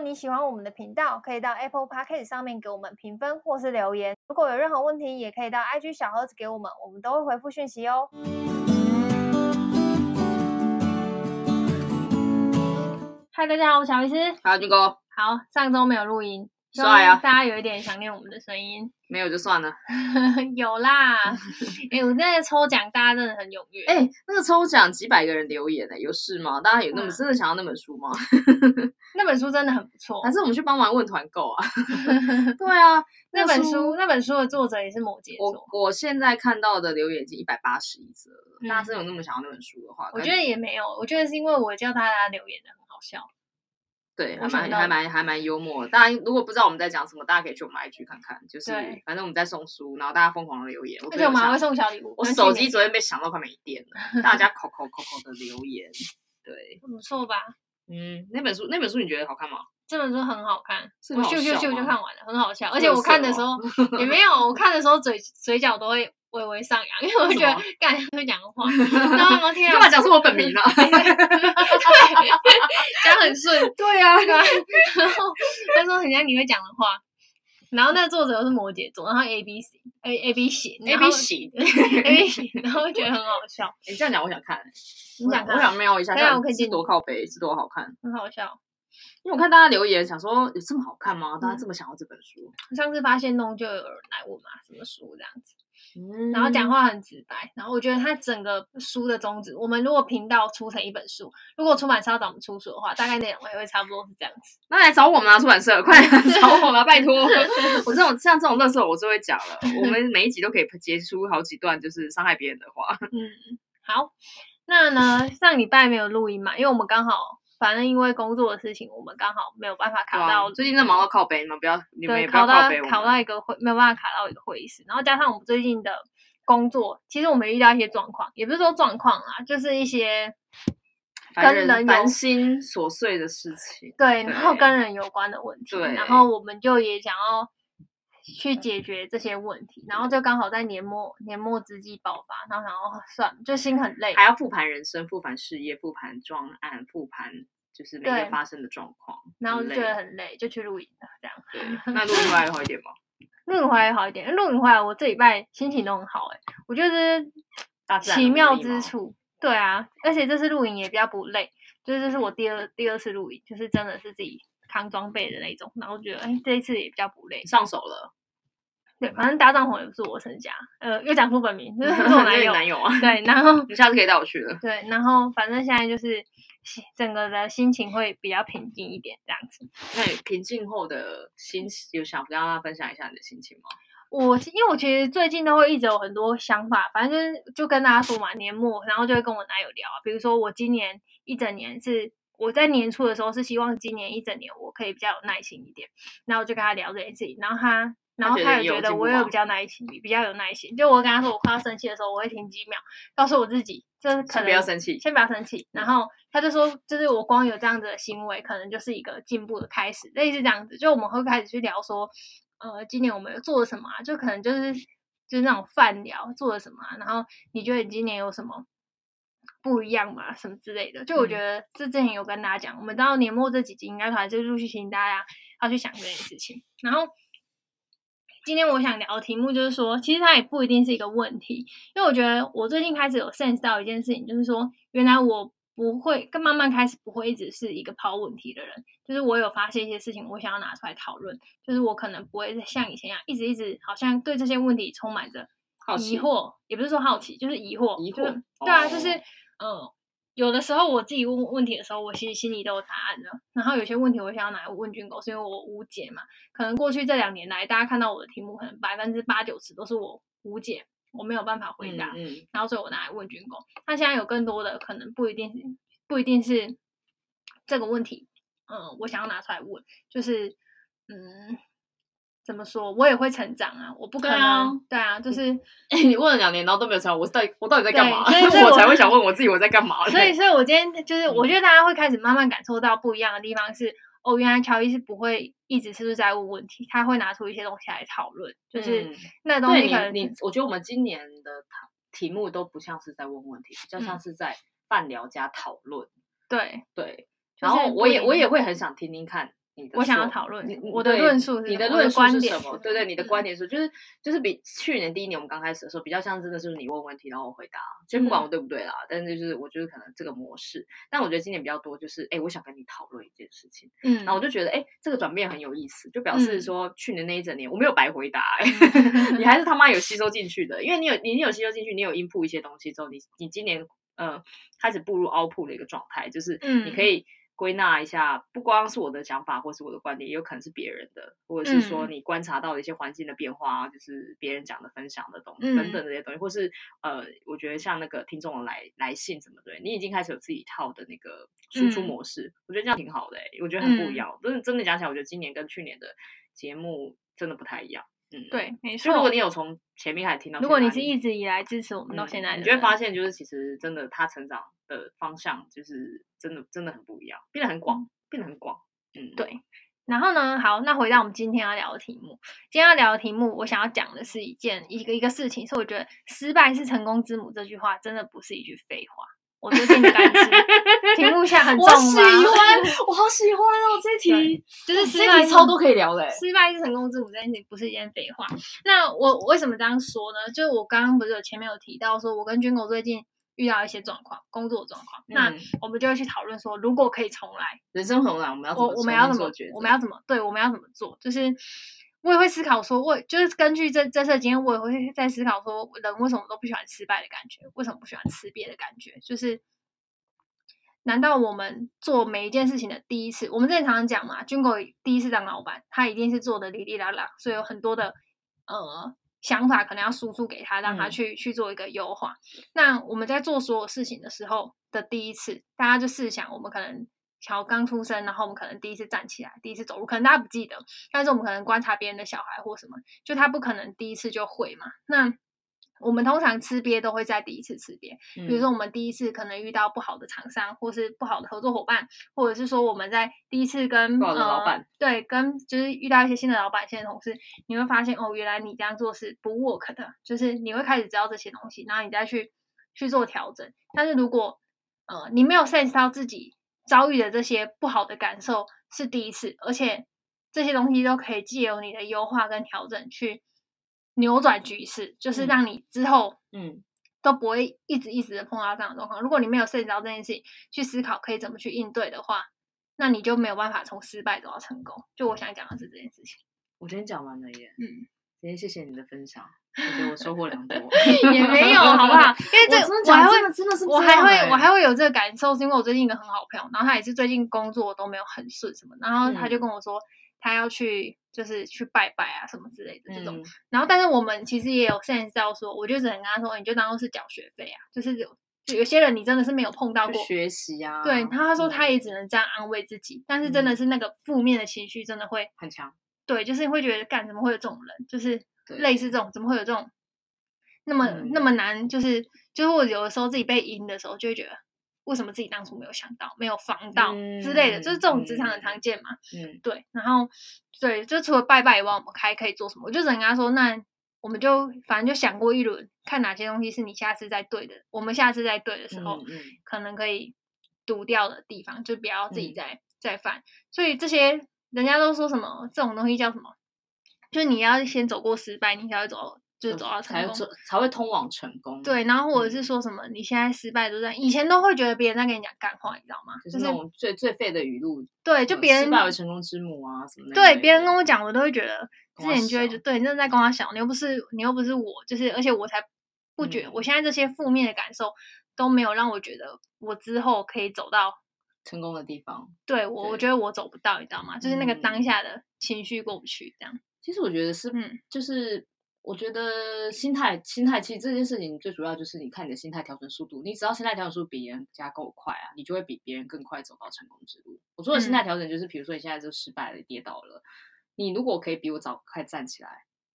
你喜歡我們的頻道，可以到 Apple Podcast 上面給我們評分或是留言。如果有任何問題，也可以到 IG 小盒子給我們，我們都會回復訊息哦。嗨，大家好，我是小維斯。好，軍哥。好，上周沒有錄音。帥都啊！大家有一點想念我們的聲音， 沒有就算了。 有啦，哎、欸，我那個抽獎，大家真的很踴躍。哎、 欸，那個抽獎幾百個人留言呢、欸，有事嗎？大家有那麼、嗯、真的想要那本書嗎？ 那本書真的很不錯，還是我們去幫忙問團購啊？ 對啊， 那本書那本書的作者也是摩羯座。我現在看到的留言已經一百八十一則了。嗯、大家真的有那麼想要那本書的話，我覺得也沒有。是我覺得是因為我叫大家留言的很好笑。對，還蠻還蠻還蠻幽默。當然，如果不知道我們在講什麼，大家可以去我們 IG 看看。就是反正我們在送書，然後大家瘋狂的留言。而且我們還會送小禮物。我手機昨天被搶到快沒電了，大家口口口口的留言，對，很不錯吧？嗯，那本書那本書你覺得好看嗎？這本書很好看，我咻咻咻就看完了，很好笑。而且我看的時候也沒有，我看的時候嘴嘴角都會微微上揚，因為我覺得干才會講的話，然後我幹嘛講出我本名了？講很順，對啊，幹嘛，然後他說很像你會講的話，然後那個作者是摩羯座，然後 A B C A A B C A B C A B C，然後我覺得很好笑。你這樣講我想看，你想看？我想瞄一下，我看是多靠北，這多好看？很好笑，因為我看大家留言想說有這麼好看嗎？大家這麼想要這本書？上次發現弄就有人來問嘛，什麼書這樣子。嗯、然後講話很直白，然後我覺得他整個書的宗旨，我們如果頻道出成一本書，如果出版社要找我們出書的話，大概內容也會差不多是這樣子。那來找我們啊，出版社，快來找我們啊，拜托！ 我這種像這種時候我就會講了。 我們每一集都可以結出好幾段，就是傷害別人的話。嗯，好，那呢上禮拜沒有錄音嘛，因為我們剛好。反正因為工作的事情，我們剛好沒有辦法卡到。啊、最近在忙着靠北，你們不要。對，卡到卡到一個會沒有辦法卡到一個會議室，然後加上我們最近的工作，其實我們遇到一些狀況，也不是說狀況啦，就是一些跟人，人煩心瑣碎的事情。對，對，然後跟人有關的問題，對然後我們就也想要。去解決這些問題，然後就剛好在年末年末之際爆發，然後然後算，就心很累，還要復盤人生、復盤事業、復盤專案、復盤就是每天發生的狀況，對累然後就覺得很累，就去露營了，這樣。對，那露營回來會好一點嗎？露 營回來好一點，露營回來我這禮拜心情都很好哎、欸，我覺得是奇妙之處，對啊，而且這次露營也比較不累，就是這是我第二第二次露營，就是真的是自己扛裝備的那種，然後我覺得哎、欸，這一次也比較不累，上手了。對，反正搭帳篷也不是我成家，呃，又講出本名，就是我男友。 有有啊。對，然後你下次可以帶我去了。對，然後反正現在就是整個的心情會比較平靜一點，這樣子。那你平靜後的心情有想跟大家分享一下你的心情嗎？我因為我其實最近都會一直有很多想法，反正就是就跟大家說嘛，年末，然後就會跟我男友聊啊，比如說我今年一整年是我在年初的時候是希望今年一整年我可以比較有耐心一點，然後就跟他聊這件事情，然後他。然後他也覺得，我也比較耐心，比較有耐心。就我跟他說，我快要生氣的時候，我會停幾秒，告訴我自己，就是、可能先不要生氣、嗯。先不要生氣。然後他就說，就是我光有這樣子的行為，可能就是一個進步的開始。類似這樣子，就我們會開始去聊說，呃，今年我們做了什麼啊？就可能就是就是那種飯聊做了什麼、啊？然後你覺得你今年有什麼不一樣嘛？什麼之類的？就我覺得、嗯、這之前有跟大家講，我們到年末這幾集應該可能就是陸續請大家要去想這件事情。然後。今天我想聊的題目就是說，其實它也不一定是一個問題，因為我覺得我最近開始有 sense 到一件事情，就是說，原來我不會，更慢慢開始不會一直是一個拋問題的人，就是我有發現一些事情，我想要拿出來討論，就是我可能不會再像以前一樣，一直一直好像對這些問題充滿着疑惑，好奇。也不是說好奇，就是疑惑，疑惑。就是 oh. 對啊，就是嗯。呃有的時候我自己問問題的時候，我其實心裡都有答案的。然後有些問題我想要拿來問軍狗，是因為我無解嘛？可能過去這兩年來，大家看到我的題目，可能百分之八九十都是我無解，我沒有辦法回答。嗯嗯。然後所以我拿來問軍狗。那現在有更多的可能不一定不一定是這個問題，嗯，我想要拿出來問，就是嗯。怎麼說？我也會成長啊！我不可能對啊，對啊，就是、嗯欸、你問了兩年，然後都沒有成長，我到底我到底在幹嘛？所以，所以我， 我才會想問我自己，我在幹嘛？所以對所以，所以我今天就是，我覺得大家會開始慢慢感受到不一樣的地方是，嗯、哦，原來喬伊是不會一直是不是在問問題，他會拿出一些東西來討論，就是、嗯、那東西。你，你我覺得我們今年的題目都不像是在問問題，比較像是在半聊加討論、嗯。對對，然後我也不不我也會很想聽聽看。你的我想要討論你我的論述是，你的論觀點什麼？是對對，你的觀點是、嗯、就是就是比去年第一年我們剛開始的時候比較像，真的是你問問題然後我回答，其實不管我對不對啦。嗯、但是就是我就是可能這個模式，但我覺得今年比較多就是哎，我想跟你討論一件事情，嗯，然後我就覺得哎，這個轉變很有意思，就表示說、嗯、去年那一整年我沒有白回答、欸，嗯、 你還是他媽有吸收進去的，因為你有你，你有吸收進去，你有 u 鋪一些東西之後，你你今年嗯、呃、開始步入凹鋪的一個狀態，就是你可以。嗯歸納一下，不光是我的想法或是我的觀點，也有可能是別人的，或者是說你觀察到的一些環境的變化、嗯、就是別人講的、分享的東西、嗯、等等的這些東西，或是呃，我覺得像那個聽眾的來來信什麼的，你已經開始有自己一套的那個輸出模式，嗯、我覺得這樣挺好的、欸，我覺得很不一樣。真的、嗯、真的講起來，我覺得今年跟去年的節目真的不太一樣。嗯，對，沒錯。如果你有從前面還聽到，如果你是一直以來支持我們到現在、嗯、你就會發現，就是其實真的他成長的方向，就是真的真的很不一樣，變得很廣，變得很廣。嗯，對。然後呢，好，那回到我們今天要聊的題目，今天要聊的題目，我想要講的是一件一個一個事情，所以我覺得“失敗是成功之母”這句話真的不是一句廢話。我最近擔心， 屏幕下很髒，我喜歡， 我好喜歡哦！這題對就是失敗這題超多可以聊嘞，失敗是成功之母，這件事情不是一件廢話。那我為什麼這樣說呢？就是我剛剛不是有前面有提到，說我跟 Jun 哥最近遇到一些狀況，工作狀況，嗯、那我們就會去討論說，如果可以重來，人生重來，我們要我我們要怎麼做我們要怎麼，我們要怎麼，對，我們要怎麼做？就是。我也會思考說，我就是根據這這次的經驗，我也會在思考說，人為什麼都不喜歡失敗的感覺？為什麼不喜歡吃癟的感覺？就是，難道我們做每一件事情的第一次，我們經常講嘛，軍哥第一次當老闆，他一定是做的哩哩啦啦，所以有很多的呃想法可能要輸出給他，讓他去去做一個優化。嗯、那我們在做所有事情的時候的第一次，大家就試想，我們可能。喬剛出生，然後我們可能第一次站起來，第一次走路，可能大家不記得，但是我們可能觀察別人的小孩或什麼，就他不可能第一次就會嘛。那我們通常吃鱉都會在第一次吃鱉，嗯、比如說我們第一次可能遇到不好的廠商，或是不好的合作夥伴，或者是說我們在第一次跟老闆、呃、對，跟就是遇到一些新的老闆、新的同事，你會發現哦，原來你這樣做是不 work 的，就是你會開始知道這些東西，然後你再去去做調整。但是如果呃你沒有 sense 到自己。遭遇的這些不好的感受是第一次，而且這些東西都可以借由你的優化跟調整去扭轉局勢，嗯、就是讓你之後嗯都不會一直一直的碰到這樣的狀況。嗯、如果你沒有涉及到這件事情去思考可以怎麼去應對的話，那你就沒有辦法從失敗走到成功。就我想講的是這件事情。我今天講完了耶。嗯。今天謝謝你的分享，我覺得我收穫良多。 也沒有好不好？因為這個、我，我還會真的，真的是我還會、嗯、我還會有這個感受，是因為我最近一個很好朋友，然後他也是最近工作都沒有很順什麼，然後他就跟我說、嗯、他要去就是去拜拜啊什麼之類的這種。嗯、然後但是我們其實也有 sense 到說，我就只能跟他說，哎、你就當做是繳學費啊，就是有就有些人你真的是沒有碰到過學習啊。對，他說他也只能這樣安慰自己，嗯、但是真的是那個負面的情緒真的會很強。對，就是你會覺得幹，幹怎麼會有這種人？就是類似這種，對怎麼會有這種那麼對那麼難？就是就是我有的時候自己被陰的時候，就會覺得為什麼自己當初沒有想到、沒有防到之類的？對就是這種職場很常見嘛。嗯對，對，對。然後對，就除了拜拜以外，我們還可以做什麼？我就只能跟人家說，那我們就反正就想過一輪，看哪些東西是你下次再對的，我們下次再對的時候，對可能可以堵掉的地方，就不要自己再對再犯。所以這些。人家都說什麼這種東西叫什麼？就你要先走過失敗，你才會走，就走到成功才會走才會通往成功。對，然後或者是說什麼，嗯、你現在失敗都在以前都會覺得別人在跟你講幹話，嗯、你知道嗎？就是那種最、就是、最廢的語錄。對，就別人失敗為成功之母啊什麼的。對，別人跟我講，我都會覺得之前就會覺得對你正在跟他講，你又不是你又不是我，就是而且我才不覺，嗯、我現在這些負面的感受都沒有讓我覺得我之後可以走到。成功的地方，對我，對我覺得我走不到一，你知道嗎？就是那個當下的情緒過不去，這樣。其實我覺得是，嗯，就是我覺得心態，心態其實這件事情最主要就是你看你的心態調整速度。你只要心態調整速度比人家夠快啊，你就會比別人更快走到成功之路。我說的心態調整就是，比如說你現在就失敗了，嗯、跌倒了，你如果可以比我早快站起來，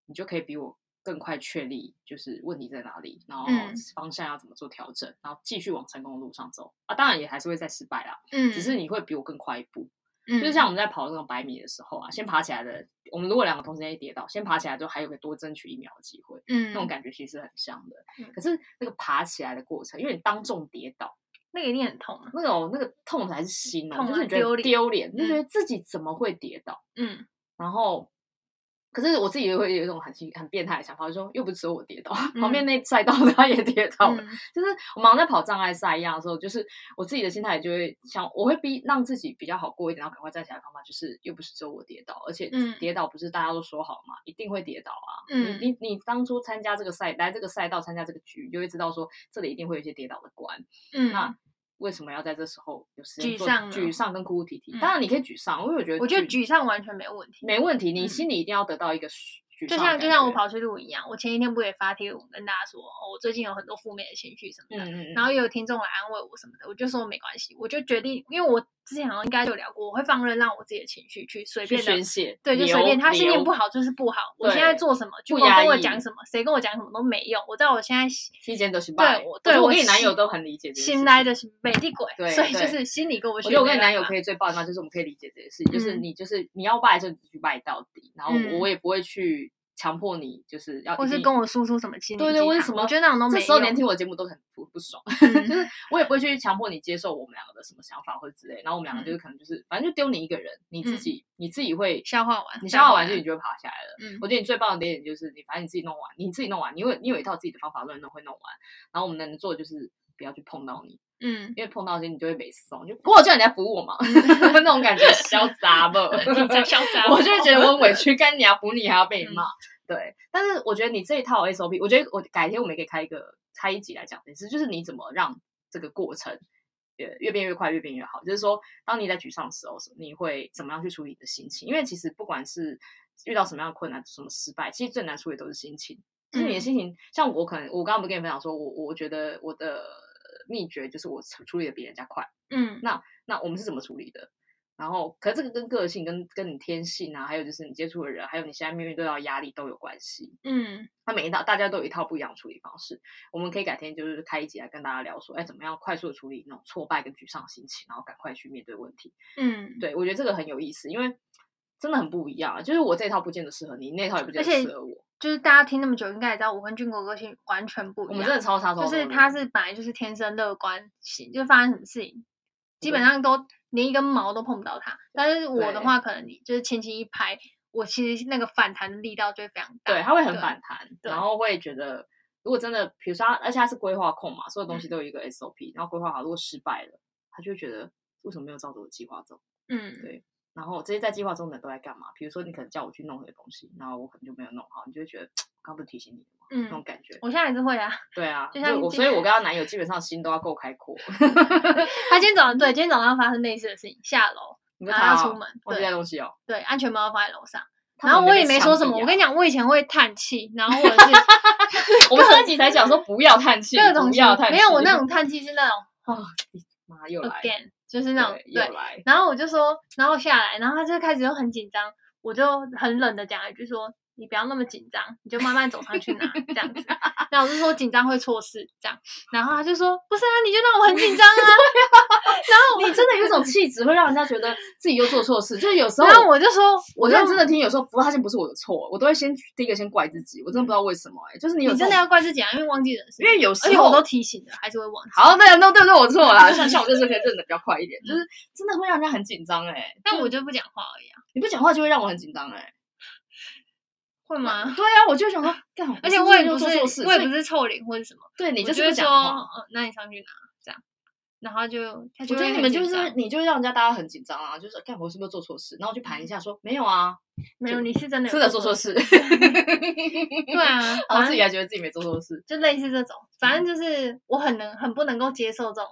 你就可以比我。更快確立就是問題在哪裡，然後方向要怎麼做調整，然後繼續往成功的路上走啊！當然也還是會再失敗啦，嗯，只是你會比我更快一步。嗯，就是像我們在跑那種百米的時候啊，先爬起來的，我們如果兩個同時間跌倒，先爬起來之後還有個多爭取一秒的機會，嗯，那種感覺其實很像的。可是那個爬起來的過程，因為你當眾跌倒，那個一定很痛啊，那種那個痛才是心痛。就是你覺得丟臉，丟臉，就覺得自己怎麼會跌倒，嗯，然後。可是我自己也會有一種很心很變態的想法，就是說，又不是只有我跌倒，嗯、旁邊那賽道他也跌倒了。嗯、就是我忙在跑障礙賽一樣的時候，就是我自己的心態也就會想，我會逼讓自己比較好過一點，然後趕快站起來的方法就是，又不是只有我跌倒，而且跌倒不是大家都說好嘛，嗯、一定會跌倒啊。嗯、你你你當初參加這個賽，來這個賽道參加這個局，就會知道說這裡一定會有一些跌倒的關。嗯、那。為什麼要在這時候有時間沮喪，沮喪跟哭哭啼啼？當然你可以沮喪，嗯、因為我覺得我覺得沮喪完全沒問題，沒問題。你心裡一定要得到一個沮喪，嗯。就像就像我跑出去一樣，我前一天不也發帖？我跟大家說，哦、我最近有很多負面的情緒什麼的，嗯、然後也有聽眾來安慰我什麼的，我就說沒關係，我就決定，因為我。之前好像應該有聊過，我會放任讓我自己的情緒去隨便宣洩，對，就隨便。他心情不好就是不好。我現在做什麼，不管跟我講什麼，誰跟我講什麼都沒用。我知道我現在期間都是對，我我跟你男友都很理解，新來的美的鬼，所以就是心裡過不去。我覺得我跟你男友可以最棒的就是我們可以理解這件事，就是你就是你要拜就你去拜到底，然後我也不會去。強迫你就是要，或是跟我輸出什麼親近？對，對對，為什麼？我覺得那種都沒用。這時候連聽我節目都很不不爽，嗯、 就是我也不會去強迫你接受我們兩個的什麼想法或者之類。然後我們兩個就是可能就是，嗯、反正就丟你一個人，你自己、嗯、你自己會消化完，你消化完就你就會跑下來了。我覺得你最棒的點，點就是你反正你自己弄完，你自己弄完，你有你有一套自己的方法論，都會弄完。然後我們能做的就是不要去碰到你。嗯，因為碰到些，你就會被慫，就不過最後人家扶我嘛， 那種感覺瀟灑吧？哈哈， 你真瀟灑。我就會覺得我很委屈，幹你啊，扶你還、啊、要被罵？嗯、對。但是我覺得你這一套 SOP，我覺得我改天我們也可以開一個開一集來講，其實就是你怎麼讓這個過程越越變越快，越變越好。就是說，當你在沮喪的時候，你會怎麼樣去處理你的心情？因為其實不管是遇到什麼樣的困難、什麼失敗，其實最難處理都是心情。就、嗯、是你的心情，像我可能我剛剛不跟你分享說，我我覺得我的。秘訣就是我處理的比人家快。嗯，那那我們是怎麼處理的？然後，可這個跟個性、跟跟你天性啊，還有就是你接觸的人，還有你現在面對到壓力都有關係。嗯，那每一套大家都有一套不一樣的處理方式。我們可以改天就是開一集來跟大家聊說，哎，怎麼樣快速的處理那種挫敗跟沮喪心情，然後趕快去面對問題。嗯，對，我覺得這個很有意思，因為真的很不一樣。就是我這一套不見得適合你，那一套也不見得適合我。就是大家聽那麼久，應該也知道我跟俊國個性完全不一樣。我們真的超差，錯就是他是本來就是天生樂觀型，就發生什麼事情，基本上都連一根毛都碰不到他。但是我的話，可能你就是輕輕一拍，我其實那個反彈的力道就會非常大。對，他會很反彈，對然後會覺得，如果真的，比如說，而且他是規劃控嘛，所有東西都有一個 SOP，然後規劃好，如果失敗了，他就覺得為什麼沒有照着我計劃走？嗯，對。嗯然後這些在計劃中的都在幹嘛？比如說你可能叫我去弄些東西，然後我可能就沒有弄好，你就會覺得剛不是提醒你嗎？那種感覺，我現在還是會啊，對啊，就像我，所以我跟她男友基本上心都要夠開闊。他今天早上對，今天早上發生類似的事情，下樓，然後要出門，忘記帶東西哦。對，安全包要放在樓上，然後我也沒說什麼。我跟你講，我以前會嘆氣，然後我是我們上集才講說不要嘆氣，不要嘆氣，沒有我那種嘆氣是那種啊，媽又來。就是那種，對，對來然後我就說，然後下來，然後他就開始就很緊張，我就很冷的講一句說。你不要那麼緊張，你就慢慢走上去拿這樣子。那我就說緊張會錯事這樣，然後他就說不是啊，你就讓我很緊張啊。然後你真的有一種氣質，會讓人家覺得自己又做錯事，就是有時候。然後我就說，我現在真的聽有時候，不過他現在不是我的錯，我都會先第一個先怪自己，我真的不知道為什麼誒，就是你有真的要怪自己啊，因為忘記人。因為有時候，而且我都提醒了，還是會忘。好，那那對我錯了。像像我就是可以認得比較快一點，就是真的會讓人家很緊張哎。但我就不講話而已啊。你不講話就會讓我很緊張哎。幹嘛？對啊，我就想說，而且我也不是，我也不是臭臉或者什麼。對，你就覺得說，那你上去拿這樣，然後就我覺得你們就是，你就讓人家大家很緊張啊,就是幹活是不是做錯事？然後去盤一下，說沒有啊，沒有，你是真的是的做錯事，對啊，我自己還覺得自己沒做錯事，就類似這種，反正就是我很能很不能夠接受這種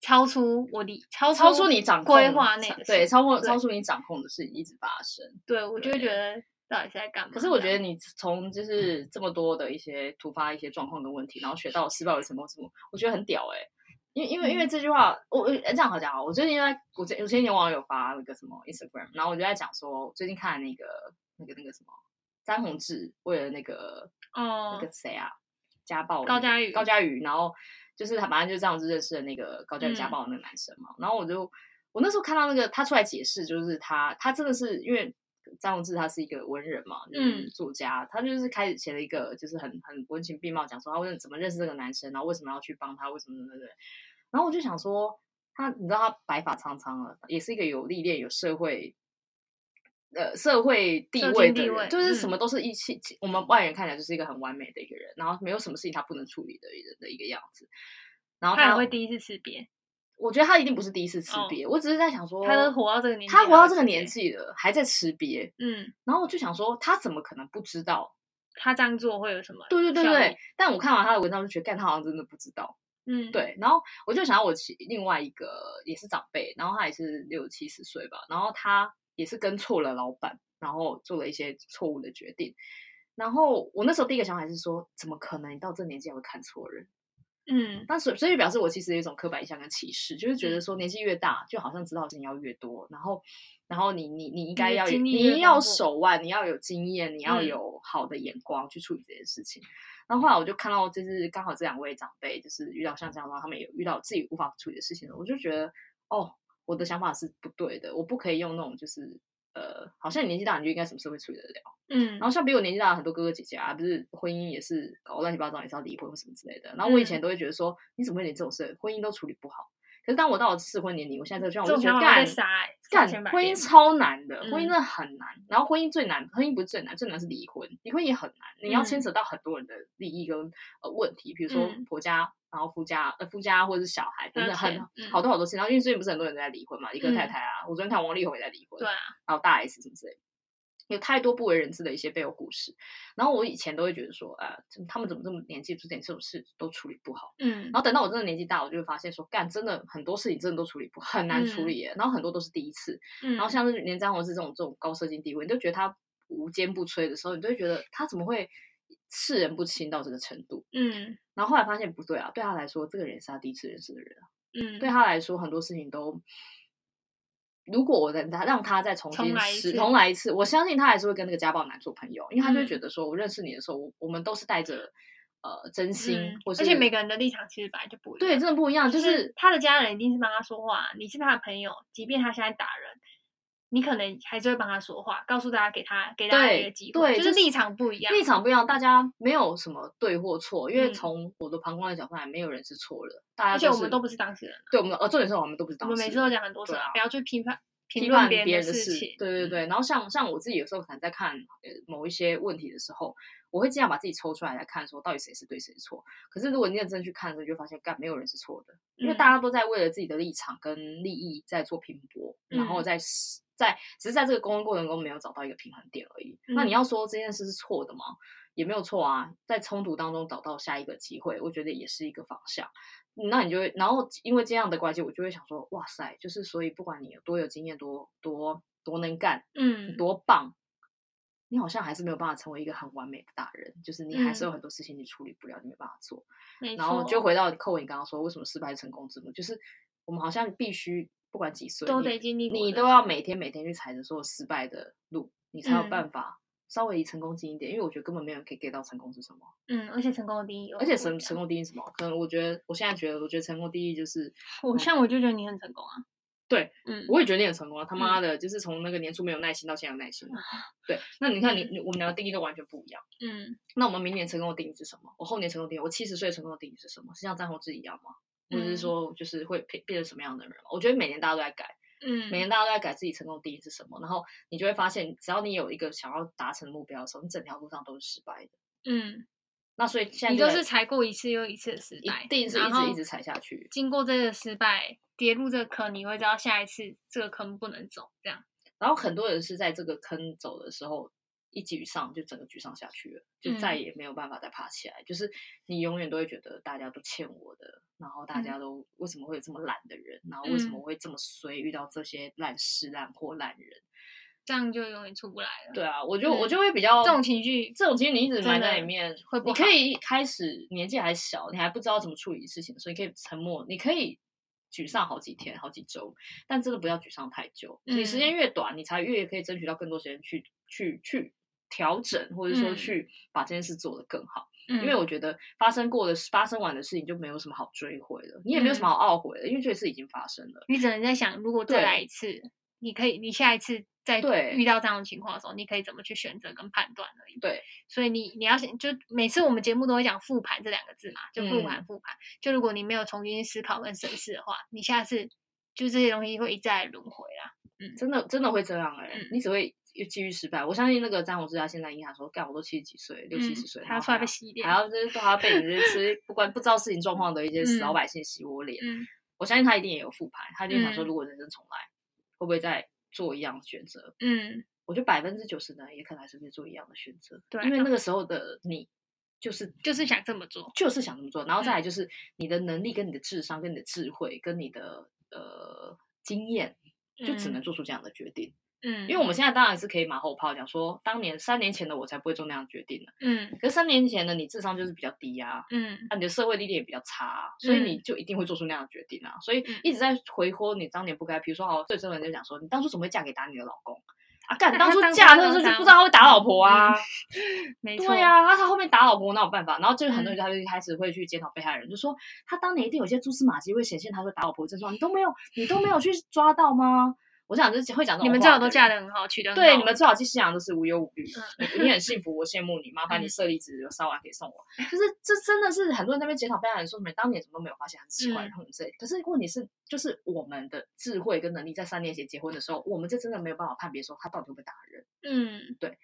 超出我的超出你掌控規劃那個對，超過超出你掌控的事一直發生，對我就會覺得。到底是在幹嘛？可是我覺得你從就是這麼多的一些突發一些狀況的問題，然後學到失敗為成功之母，我覺得很屌誒、欸。因為因為因為這句話，我、嗯哦、這樣好講，我最近在，我前我前幾天網友發那個什麼 Instagram，然後我就在講說，最近看那個那個那個什麼張宏志為了那個哦那個誰啊家暴、那個、高嘉瑜高嘉瑜，然後就是他本來就這樣子認識了那個高嘉瑜家暴的那個男生嘛，嗯、然後我就我那時候看到那個他出來解釋，就是他他真的是因為。詹宏志他是一個文人嘛，嗯、就是，作家，嗯、他就是開始寫了一個，就是很很文情並茂，講說他為什麼怎麼認識這個男生，然後為什麼要去幫他，為什麼，對對對。然後我就想說他，他你知道他白髮蒼蒼了，也是一個有歷練、有社會呃社會地位，地位就是什麼都是一起，嗯、我們外人看起來就是一個很完美的一個人，然後沒有什麼事情他不能處理的一人的一個樣子。然後他，他還會第一次吃癟。我覺得他一定不是第一次吃鱉。哦、我只是在想說，他活到這個年，他活到這個年紀了，還在吃鱉，嗯，然後我就想說，他怎麼可能不知道他這樣做會有什麼？對對對效益。但我看完他的文章就覺得，幹他好像真的不知道，嗯，對。然後我就想到我其另外一個也是長輩，然後他也是六七十歲吧，然後他也是跟錯了老闆，然後做了一些錯誤的決定。然後我那時候第一個想法是說，怎麼可能你到這年紀還會看錯人？嗯，但所所以表示我其實有一種刻板印象跟歧視，就是覺得說，年紀越大，就好像知道的事情要越多，然後，然後你你你應該要你要手腕，你要有經驗，你要有好的眼光去處理這件事情。那、嗯、後，後來我就看到，就是剛好這兩位長輩就是遇到像這樣的話，他們也有遇到自己無法處理的事情，我就覺得哦，我的想法是不對的，我不可以用那種就是。呃，好像你年紀大，你就應該什麼事會處理得了。嗯，然後像比我年紀大的很多哥哥姐姐啊，不是婚姻也是搞、哦、亂七八糟，也是要離婚或什麼之類的。嗯、然後我以前都會覺得說，你怎麼會連這種事婚姻都處理不好？可是當我到了適婚年齡，我現在特我就覺我覺得干干婚姻超難的，婚姻真的很難。嗯、然後婚姻最難，婚姻不是最難，最難是離婚。離婚也很難，你要牽扯到很多人的利益跟呃問題，嗯、比如說婆家，然後夫家呃夫家或者是小孩，真的、嗯、很好多好多事。嗯、然後因為最近不是很多人在離婚嘛，一個太太啊，嗯、我昨天看王力宏也在離婚，對啊、嗯，然後大 S 什麼之類有太多不為人知的一些背後故事，然後我以前都會覺得說，呃、啊，他們怎麼這麼年紀不點，之這種事都處理不好，嗯，然後等到我真的年紀大，我就會發現說，幹真的很多事情真的都處理不好，很難處理耶，嗯、然後很多都是第一次，嗯、然後像是連張宏志這種這種高社經地位，你就覺得他無堅不摧的時候，你就會覺得他怎麼會識人不清到這個程度，嗯，然後後來發現不對啊，對他來說，這個人是他第一次認識的人，嗯，對他來說很多事情都。如果我能他讓他再重新重來，一次重來一次，我相信他還是會跟那個家暴男做朋友，因為他就會覺得說，嗯、我認識你的時候，我我們都是帶着呃真心，嗯、而且每個人的立場其實本來就不一樣，對，真的不一樣，就是、就是他的家人一定是幫他說話，你是他的朋友，即便他現在打人。你可能還是會幫他說話，告訴大家給他給大家一個機會，對就是立場不一樣，就是嗯、立場不一樣，大家沒有什麼對或錯，因為從我的旁觀的角度來，沒有人是錯的，嗯、大家、就是，而且我們都不是當事人、啊，對，我們呃、啊，重點是我們都不是當事人，我們每次都講很多、啊，啊、不要去評判。批判別，別人的事情，對對對。嗯、然後像像我自己有時候可能在看呃某一些問題的時候，我會盡量把自己抽出來來看，說到底誰是對誰是錯。可是如果你認真去看的時候，就發現，幹沒有人是錯的，因為大家都在為了自己的立場跟利益在做拼搏，嗯、然後在在只是在這個溝通過程中沒有找到一個平衡點而已。嗯、那你要說這件事是錯的嗎？也沒有錯啊，在衝突當中找到下一個機會，我覺得也是一個方向。那你就會，然後因為這樣的關係，我就會想說，哇塞，就是所以不管你有多有經驗，多多多能幹，嗯，多棒，你好像還是沒有辦法成為一個很完美的大人，就是你還是有很多事情你處理不了，嗯、你沒辦法做。沒錯。然後就回到扣文你剛剛說，為什麼失敗是成功之母？就是我們好像必須不管幾歲，都得經歷過，你都要每天每天去踩着所有失敗的路，你才有辦法、嗯。稍微離成功近一點，因為我覺得根本沒有人可以 get 到成功是什麼。嗯，而且成功的定義，而且成成功定義什麼？可能我覺得，我現在覺得，我覺得成功定義就是……我現在我就覺得你很成功啊。對，嗯，我也覺得你很成功啊！他媽的，就是從那個年初沒有耐心到現在有耐心。對，那你看，你我們兩個定義都完全不一樣。嗯，那我們明年成功的定義是什麼？我後年成功的定義，我七十歲成功的定義是什麼？是像張宏志一樣嗎？或者是說就是會變變成什麼樣的人？我覺得每年大家都在改。嗯，每天大家都在改自己成功的定義是什麼，然後你就會發現，只要你有一個想要達成目標的時候，你整條路上都是失敗的。嗯，那所以現在就在你就是踩過一次又一次的失敗，一定是，一直一直踩下去。經過這個失敗，跌入這個坑，你會知道下一次這個坑不能走。這樣，然後很多人是在這個坑走的時候。一沮喪就整個沮喪下去了，就再也沒有辦法再爬起來。嗯、就是你永遠都會覺得大家都欠我的，然後大家都為什麼會有這麼懶的人，嗯、然後為什麼會這麼衰，遇到這些爛事、爛貨、爛人，這樣就永遠出不來了。對啊，我就我就會比較、嗯、這種情緒，這種情緒你一直埋在裡面，的會不會？你可以一開始年紀還小，你還不知道怎麼處理事情，所以你可以沉默，你可以沮喪好幾天、好幾週，但真的不要沮喪太久。你、嗯、時間越短，你才越可以爭取到更多時間去去去。去調整或者說去把這件事做得更好，嗯、因為我覺得發生過的事發生完的事情就沒有什麼好追悔的，你也沒有什麼好懊悔的，嗯、因為這件事已經發生了。你只能在想，如果再來一次，對你可以，你下一次再遇到這樣的情況的時候，對你可以怎麼去選擇跟判斷而已。對，所以你你要先，就每次我們節目都會講復盤這兩個字嘛，就復盤復盤。嗯、就如果你沒有重新思考跟審視的話，你下次就這些東西會一再輪回啦。對嗯，真的真的會這樣哎、欸，嗯、你只會。又繼續失敗，我相信那個詹姆斯他現在應該說，幹我都七十幾歲，六七十歲了，還要被還要被人家吃，不管不知道事情狀況的一些老百姓洗我臉。我相信他一定也有復盤，他就想說，如果人生重來，會不會再做一樣的選擇？嗯，我覺得百分之九十的人也可能還是會做一樣的選擇，對，因為那個時候的你，就是就是想這麼做，就是想這麼做。然後再來就是你的能力跟你的智商跟你的智慧跟你的呃經驗，就只能做出這樣的決定。嗯，因為我們現在當然是可以馬後炮講說，當年三年前的我才不會做那樣的決定呢。嗯，可是三年前的你智商就是比較低啊，嗯，那、啊、你的社會歷練也比較差、啊，嗯、所以你就一定會做出那樣的決定啊。嗯、所以一直在回顧你當年不該，比如說哦，最熱門就講說，你當初怎麼會嫁給打你的老公啊？幹當初嫁，那時候就不知道他會打老婆啊。嗯、對呀，啊，後他後面打老婆哪有辦法？然後就很多人他就開始會去檢討被害人，嗯、就說他當年一定有些蛛絲馬跡會顯現，他會打老婆的症狀，你都沒有，你都沒有去抓到嗎？ 我想就是會講到你們最好都嫁得很好，娶得很好。對，對你們最好去信仰都是無憂無慮，嗯、你很幸福，我羨慕你。麻煩你舍利子有燒完可以送我。就、嗯、是這真的是很多人在那邊檢討，被害人說什麼當年什麼都沒有發現，很奇怪，嗯、然後這。可是問題是，就是我們的智慧跟能力，在三年前結婚的時候，我們這真的沒有辦法判別說他到底會不會打人。嗯，對。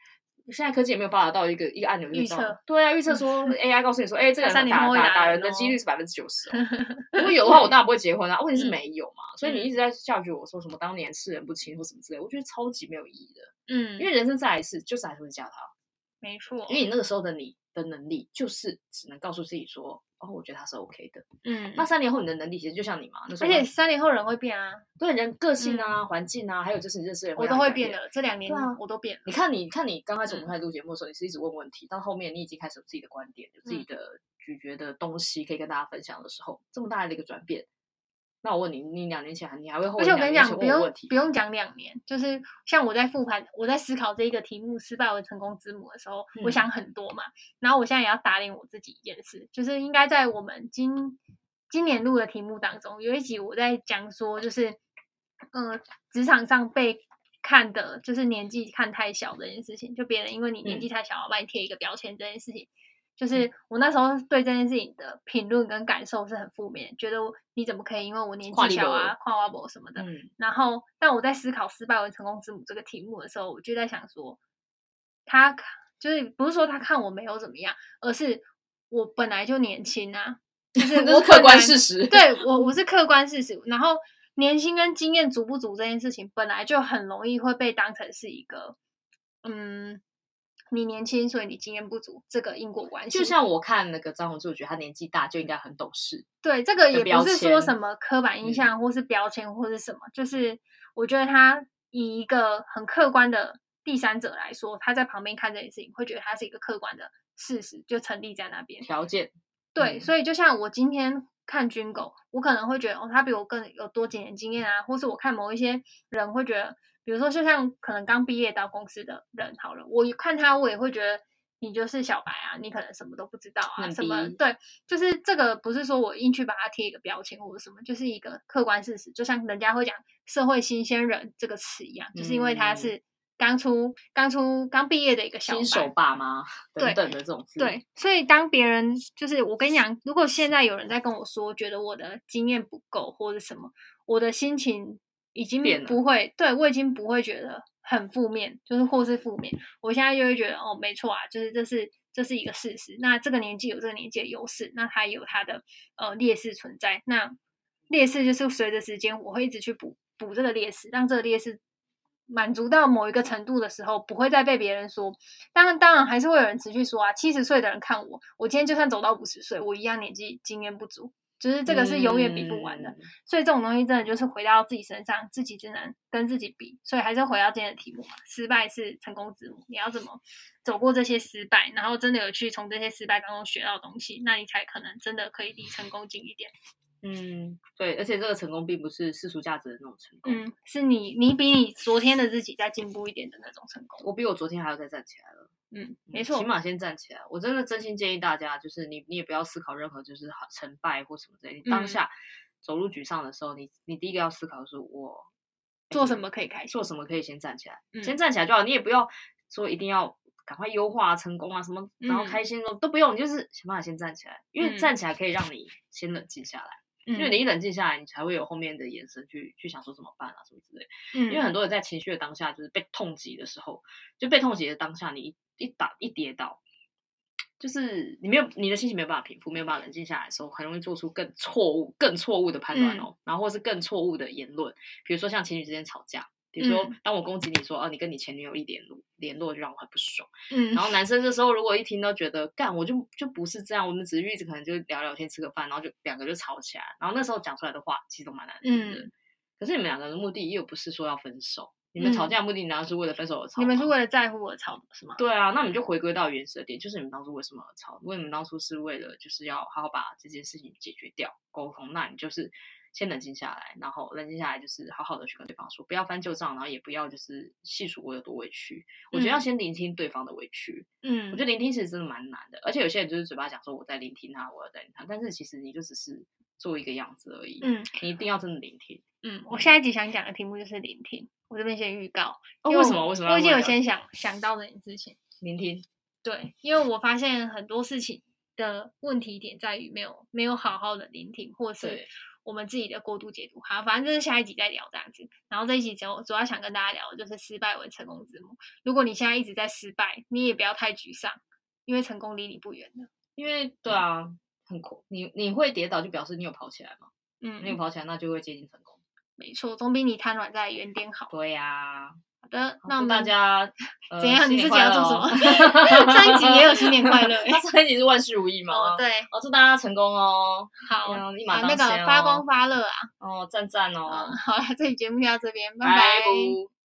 現在科技也沒有發達到一個一個按鈕預測，對啊測，預測說、嗯、AI 告訴你說，哎、嗯欸，這個人打打、哦、打人的幾率是百分之九十，哦、 如果有的話，我當然不會結婚啊。問題 是沒有嘛，嗯、所以你一直在教育我說什麼當年識人不清或什麼之類，我覺得超級沒有意義的。嗯，因為人生再來一次，就是還是會嫁他。沒錯、哦，因為你那個時候的你的能力就是只能告訴自己說，哦，我覺得他是 OK 的。嗯，那三年後你的能力其實就像你嘛，那時候而且三年後人會變啊，對，人個性啊、嗯、環境啊，還有就是你認識的人，我都會變的。這兩年，啊，我都變了。啊、你看你，你看，你剛開始我們開始錄節目的時候，嗯、你是一直問問題，到後面你已經開始有自己的觀點，有自己的咀嚼的東西可以跟大家分享的時候，嗯、這麼大的一個轉變。那我問你，你兩年前你還會後悔？而且我跟你講，不用不用講兩年，就是像我在復盤，我在思考這一個題目“失敗為成功之母”的時候，嗯、我想很多嘛。然後我現在也要打臉我自己一件事，就是應該在我們今今年錄的題目當中，有一集我在講說，就是嗯、呃，職場上被看的就是年紀看太小這件事情，就別人因為你年紀太小，嗯、要幫你貼一個標籤這件事情。就是我那時候對這件事情的評論跟感受是很負面，覺得你怎麼可以因為我年紀小啊、跨 level 什麼的。嗯、然後，但我在思考“失敗為成功之母”這個題目的時候，我就在想說，他就是不是說他看我沒有怎麼樣，而是我本來就年輕啊，就是、我 就是客觀事實，對我我是客觀事實。然後，年輕跟經驗足不足這件事情，本來就很容易會被當成是一個嗯。你年輕，所以你經驗不足，這個因果關係。就像我看那個張宏柱，我覺得他年紀大就應該很懂事。對，這個也不是說什麼刻板印象，或是標籤，或是什麼，嗯、就是我覺得他以一個很客觀的第三者來說，他在旁邊看這件事情，會覺得他是一個客觀的事實，就成立在那邊。條件。嗯、對，所以就像我今天看軍狗，我可能會覺得哦，他比我更有多幾年經驗啊，或是我看某一些人會覺得。比如說，就像可能剛畢業到公司的人，好了，我一看他，我也會覺得你就是小白啊，你可能什麼都不知道啊，邊什麼對，就是這個不是說我硬去把它貼一個標籤或者什麼，就是一個客觀事實，就像人家會講“社會新鮮人”這個詞一樣，嗯、就是因為他是剛出、剛出、剛畢業的一個小白、新手爸媽等等的這種事對。對，所以當別人就是我跟你講，如果現在有人在跟我說覺得我的經驗不夠或者什麼，我的心情。已經不會了對，我已經不會覺得很負面，就是或是負面，我現在就會覺得哦，沒錯啊，就是這是這是一個事實。那這個年紀有這個年紀的優勢，那它也有它的呃劣勢存在。那劣勢就是隨着時間，我會一直去補補這個劣勢，讓這個劣勢滿足到某一個程度的時候，不會再被別人說。當然，當然還是會有人持續說啊，七十歲的人看我，我今天就算走到五十歲，我一樣年紀經驗不足。就是這個是永遠比不完的，嗯、所以這種東西真的就是回到自己身上，自己只能跟自己比。所以還是回到今天的題目嘛，失敗是成功之母。你要怎麼走過這些失敗，然後真的有去從這些失敗當中學到東西，那你才可能真的可以離成功近一點。嗯，對，而且這個成功並不是世俗價值的那種成功，嗯、是你你比你昨天的自己再進步一點的那種成功。我比我昨天還要再站起來了。嗯，沒錯，起碼先站起來。我真的真心建議大家，就是你你也不要思考任何就是成敗或什麼之類。嗯、你當下走路沮喪的時候，你你第一個要思考的、就是我、欸、做什麼可以開心，做什麼可以先站起來，嗯、先站起來就好。你也不要說一定要趕快優化、啊、成功啊什麼，然後開心都、嗯、都不用，你就是想辦法先站起來，因為站起來可以讓你先冷靜下來，嗯、因為你一冷靜下來，你才會有後面的眼神去去想說怎麼辦啊什麼之類。嗯、因為很多人在情緒的當下就是被痛擊的時候，就被痛擊的當下你。一倒一跌倒，就是你沒有你的心情沒有辦法平復，沒有辦法冷靜下來的時候，很容易做出更錯誤、更錯誤的判斷哦，嗯、然後或是更錯誤的言論。比如說像情侶之間吵架，比如說當我攻擊你說哦、嗯啊，你跟你前女友一聯絡聯絡就讓我很不爽，嗯，然後男生這時候如果一聽到覺得，幹我就就不是這樣，我們只是一直可能就聊聊天、吃個飯，然後就兩個就吵起來，然後那時候講出來的話其實都蠻難聽的。嗯、可是你們兩個人的目的又不是說要分手，你們吵架的目的難道、嗯、是為了分手而吵？你們是為了在乎而吵是嗎？對啊，那我們就回歸到原始的點，就是你們當初為什麼而吵？因為你們當初是為了就是要好好把這件事情解決掉、溝通？那你就是先冷靜下來，然後冷靜下來就是好好的去跟對方說，不要翻舊賬，然後也不要就是細數我有多委屈。嗯、我覺得要先聆聽對方的委屈。嗯，我覺得聆聽其實真的蠻難的，而且有些人就是嘴巴講說我在聆聽他，我在聆聽他，但是其實你就只是做一個樣子而已。嗯，你一定要真的聆聽。嗯，嗯我下一集想講的題目就是聆聽。我這邊先預告因為，哦，為什麼？為什麼？我已經有先想想到的事情，聆聽。對，因為我發現很多事情的問題點在於沒有沒有好好的聆聽，或是我們自己的過度解讀。好對，反正就是下一集再聊這樣子。然後這一集之後，主要想跟大家聊的就是失敗為成功之母。如果你現在一直在失敗，你也不要太沮喪，因為成功離你不遠了。因為、嗯、對啊，很苦。你你會跌倒，就表示你有跑起來嘛。嗯。你有跑起來，那就會接近成功。沒錯，總比你癱軟在原點好。對呀、啊，好的，那我們大家怎樣？呃、你自己要做什麼？上一、哦、 集也有新年快樂、欸，那上一集是萬事如意嘛。哦，對，哦，祝大家成功哦。好、嗯，一馬當先、哦呃、那個發光發熱啊！哦，讚讚哦，哦。好了，這期節目就到這邊，拜拜。